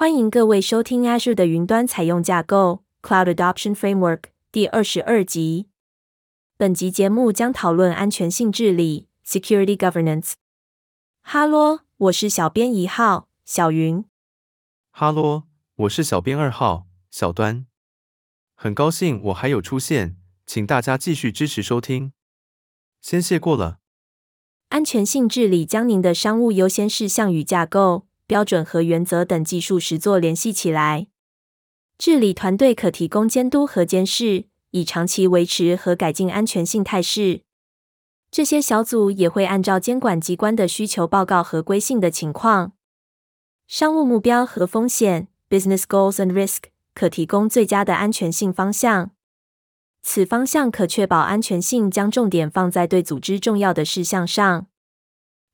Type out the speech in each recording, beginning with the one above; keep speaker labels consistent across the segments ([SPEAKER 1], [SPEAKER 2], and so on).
[SPEAKER 1] 歡迎各位收聽 Azure 的雲端採用架構 （Cloud Adoption Framework） 第二十二集。本集節目將討論安全性治理 （Security Governance）。哈嘍，我是小編一號，小雲。
[SPEAKER 2] 哈嘍，我是小編二號，小端。很高興我還有出現，請大家繼續支持收聽，先謝過了。
[SPEAKER 1] 安全性治理將您的商務優先事項與架構，標準和原則等技術實作聯繫起來，治理團隊可提供監督和監視，以長期維持和改進安全性態勢。這些小組也會按照監管機關的需求報告合規性的情況。商務目標和風險 （Business Goals and Risk） 可提供最佳的安全性方向，此方向可確保安全性將重點放在對組織重要的事項上。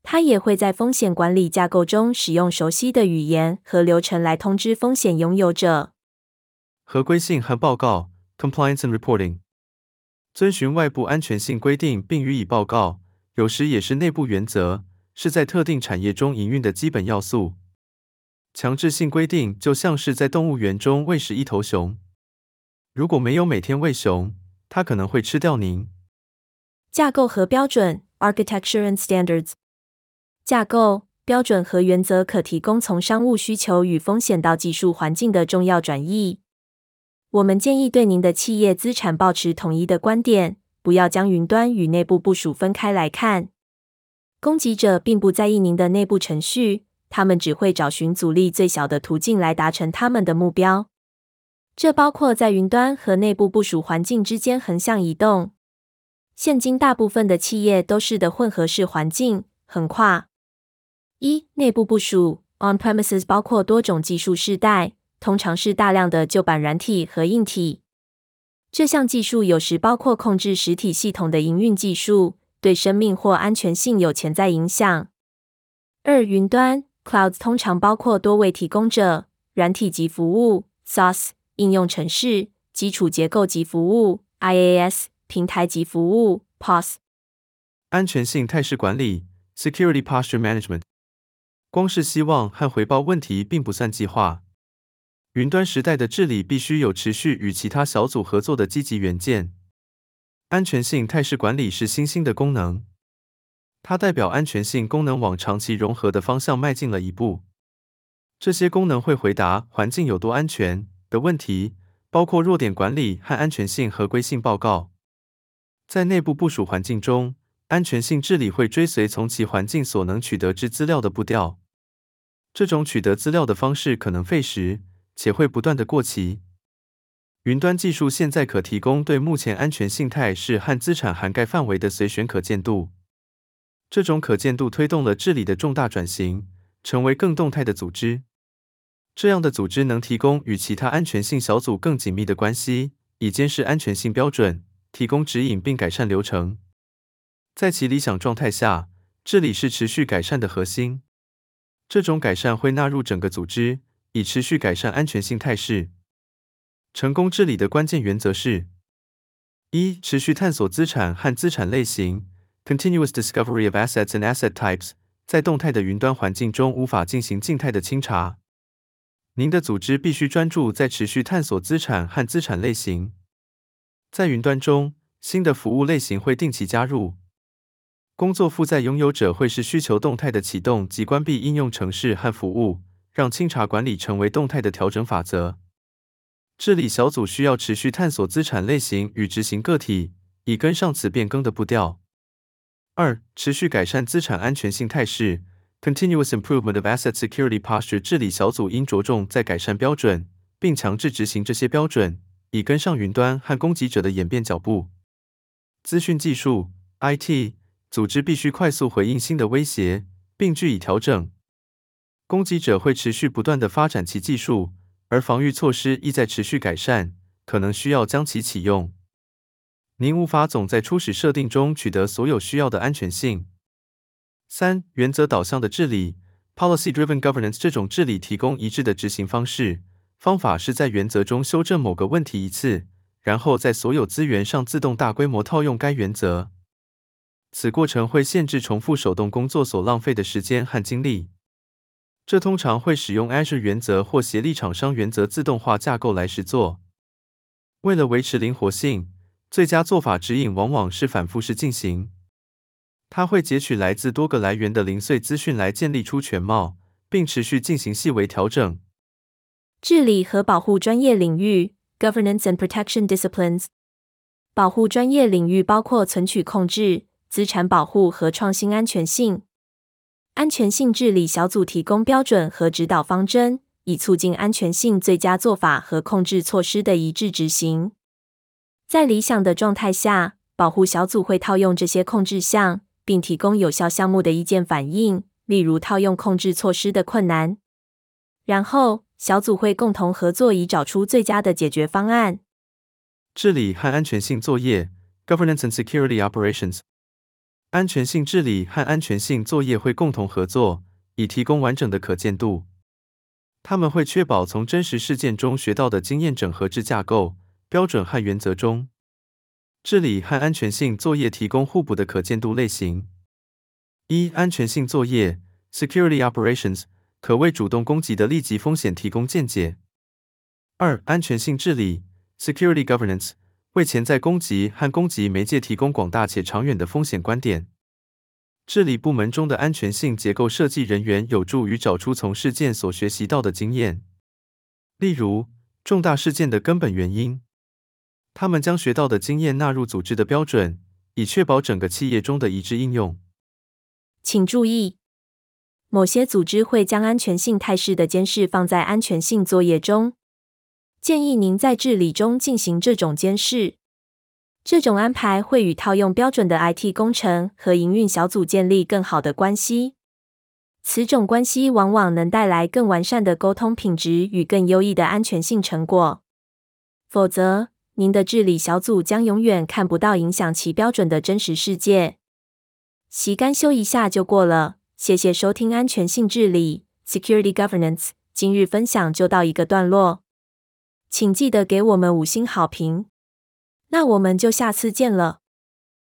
[SPEAKER 1] 它也會在風險管理架構中使用熟悉的語言和流程來通知風險擁有者。
[SPEAKER 2] 合規性和報告 （Compliance and Reporting） 遵循外部安全性規定並予以報告，有時也是內部原則，是在特定產業中營運的基本要素。強制性規定就像是在動物園中餵食一頭熊，如果沒有每天餵熊，它可能會吃掉您。
[SPEAKER 1] 架構和標準 （Architecture and Standards）。架構標準和原則可提供從商務需求與風險到技術環境的重要轉移。我們建議對您的企業資產保持統一的觀點，不要將雲端與內部部署分開來看。攻擊者並不在意您的內部程序，他們只會找尋阻力最小的途徑來達成他們的目標。這包括在雲端和內部部署環境之間橫向移動。現今大部分的企業都是的混合式環境，橫跨。一內部部署 （On-premises） 包括多種技術世代，通常是大量的舊版軟體和硬體。這項技術有時包括控制實體系統的營運技術，對生命或安全性有潛在影響。二雲端 （Clouds） 通常包括多位提供者軟體及服務 （SaaS）、OS，應用程式、基礎結構及服務 i a s 平台及服務 p a s
[SPEAKER 2] 安全性態勢管理 （Security Posture Management）。光是希望和回報問題並不算計劃。雲端時代的治理必須有持續與其他小組合作的積極元件。安全性態勢管理是新興的功能，它代表安全性功能往長期融合的方向邁進了一步。這些功能會回答環境有多安全的問題，包括弱點管理和安全性合規性報告。在內部部署環境中，安全性治理會追隨從其環境所能取得之資料的步調。這種取得資料的方式可能費時，且會不斷的過期。雲端技術現在可提供對目前安全性態勢和資產涵蓋範圍的隨選可見度。這種可見度推動了治理的重大轉型，成為更動態的組織。這樣的組織能提供與其他安全性小組更緊密的關係，以監視安全性標準，提供指引並改善流程。在其理想狀態下，治理是持續改善的核心。這種改善會納入整個組織，以持續改善安全性態勢。成功治理的關鍵原則是：一、持續探索資產和資產類型 （Continuous Discovery of Assets and Asset Types）。在動態的雲端環境中，無法進行靜態的清查。您的組織必須專注在持續探索資產和資產類型。在雲端中，新的服務類型會定期加入。工作負載擁有者會是需求動態的啟動及關閉應用程式和服務，讓清查管理成為動態的調整法則。治理小組需要持續探索資產類型與執行個體，以跟上此變更的步調。二、持續改善資產安全性態勢 （Continuous Improvement of Asset Security p a s t 治理小組應着重在改善標準，並強制執行這些標準，以跟上雲端和攻擊者的演變腳步。資訊技術 （IT）。組織必須快速回應新的威脅，並據以調整。攻擊者會持續不斷地發展其技術，而防禦措施亦在持續改善，可能需要將其啟用。您無法總在初始設定中取得所有需要的安全性。三、原則導向的治理 （Policy-driven governance） 這種治理提供一致的執行方式，方法是在原則中修正某個問題一次，然後在所有資源上自動大規模套用該原則。此過程會限制重複手動工作所浪費的時間和精力。這通常會使用 Azure 原則或協力廠商原則自動化架構來實作。為了維持靈活性，最佳做法指引往往是反覆式進行。它會截取來自多個來源的零碎資訊來建立出全貌，並持續進行細微調整。
[SPEAKER 1] 治理和保護專業領域 （Governance and Protection Disciplines） 保護專業領域包括存取控制。資產保護和創新安全性，安全性治理小組提供標準和指導方針，以促進安全性最佳做法和控制措施的一致執行。在理想的狀態下，保護小組會套用這些控制項，並提供有效項目的意見反應，例如套用控制措施的困難。然後，小組會共同合作，以找出最佳的解決方案。
[SPEAKER 2] 治理和安全性作業，Governance and Security Operations。安全性治理和安全性作業會共同合作，以提供完整的可見度。他們會確保從真實事件中學到的經驗整合至架構、標準和原則中。治理和安全性作業提供互補的可見度類型：一、安全性作業 （Security Operations） 可為主動攻擊的立即風險提供見解；二、安全性治理 （Security Governance）。為潛在攻擊和攻擊媒介提供廣大且長遠的風險觀點。治理部門中的安全性結構設計人員有助於找出從事件所學習到的經驗，例如重大事件的根本原因。他們將學到的經驗納入組織的標準，以確保整個企業中的一致應用。
[SPEAKER 1] 請注意，某些組織會將安全性態勢的監視放在安全性作業中。建議您在治理中進行這種監視。這種安排會與套用標準的 IT 工程和營運小組建立更好的關係。此種關係往往能帶來更完善的溝通品質與更優異的安全性成果。否則，您的治理小組將永遠看不到影響其標準的真實世界。習干修一下就過了。謝謝收聽《安全性治理》（Security Governance）。今日分享就到一個段落。請記得給我們五星好評，那我們就下次見了。